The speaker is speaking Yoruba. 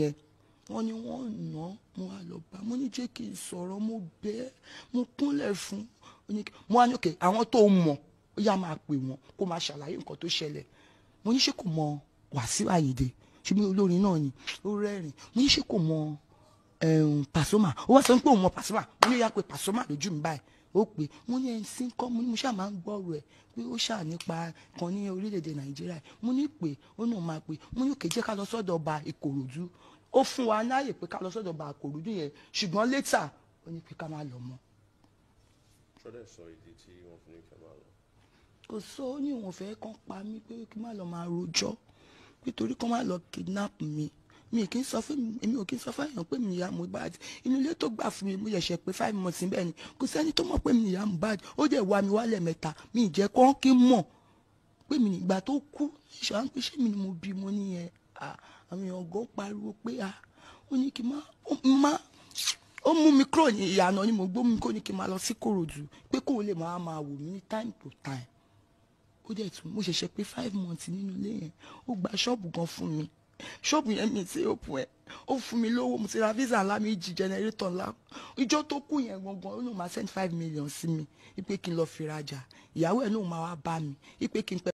yẹn wọ́n ní wọ́n nà án mo wá lọ bá mo ní jẹ́ kí n sọ̀rọ̀ mo bẹ́ẹ̀ mo kúnlẹ̀ fún mo wá ní òkè àwọn tó mọ̀ ó yá máa pè wọ́n kó máa ṣàlàyé nǹkan tó ṣẹlẹ̀ mo ní ṣé kò mọ Wàsíù Àyìndé ṣùgbọ́n olórin náà ni ó rẹ́rìn mo ní ṣé kò mọ Pasuma ó wá sọ pé òun mọ Pasuma mo ní ó pé Pasuma lójú mi báyìí ó pé mo ní ẹni sí kọ́ mo ní mo ṣáà máa ń gbọ́rọ̀ ẹ̀ pé ó ṣáà nípa kan ní orílẹ̀-èdè nàìjíríà mo ní pé ó náà máa pé mo ní òkè jẹ́ ká lọ sọ́dọ̀ ọba ìkòròdú ó fún wa láàyè pé ká lọ sọ́dọ̀ ọba ìkòròdú yẹn ṣùgbọ́n létà ó ní pé ká má lọ mọ́. sọdẹ sọ ìdí tí wọn fi ní kí a máa lọ. kò sọ ó ní òun fẹ́ kán pa mí pé kí má lọ máa rojọ́ nítorí kán má lọ kidnap mi mi kì í sọ fún mi ò kì í sọ fún èèyàn pé mi ìyá Mohbad inú ilé tó gbà fún mi mo yẹ̀ṣẹ̀ pé five months bẹ́ẹ̀ ni kò sẹ́ni tó mọ̀ pé mi ìyá Mohbad ó dẹ̀ wá mi wálẹ̀ mẹ́ta mi ìjẹ́ kán kí mọ̀ pé mi nígbà tó kú ṣáà ń pè ṣé mi ni mo bí mo nìyẹn àwọn èèyàn gan pariwo pé ó ní kí n má ó mú mi kúrò ní ìyànà ni mo gbó mi kó ní kí n máa lọ sí Kòròdú pé kóun lè máa máa wò mí ní time to time ó dẹ̀ tún mo ṣẹ̀ṣẹ̀ pé five months nínú ilé yẹn ó gba ṣọ́ọ̀bù gan fún mi ṣọ́ọ̀bù yẹn mi ti òpin ẹ̀ ó fún mi lówó mo ti ra visa ńlá mi jí jẹnẹrétọ̀ ńlá ìjọ tó kù yẹn gangan ó lóun máa send five million sí mi ipe kí n lọ fi rajà ìyàwó ẹ̀ lóun máa wá bá mi ipe kí n pẹ́.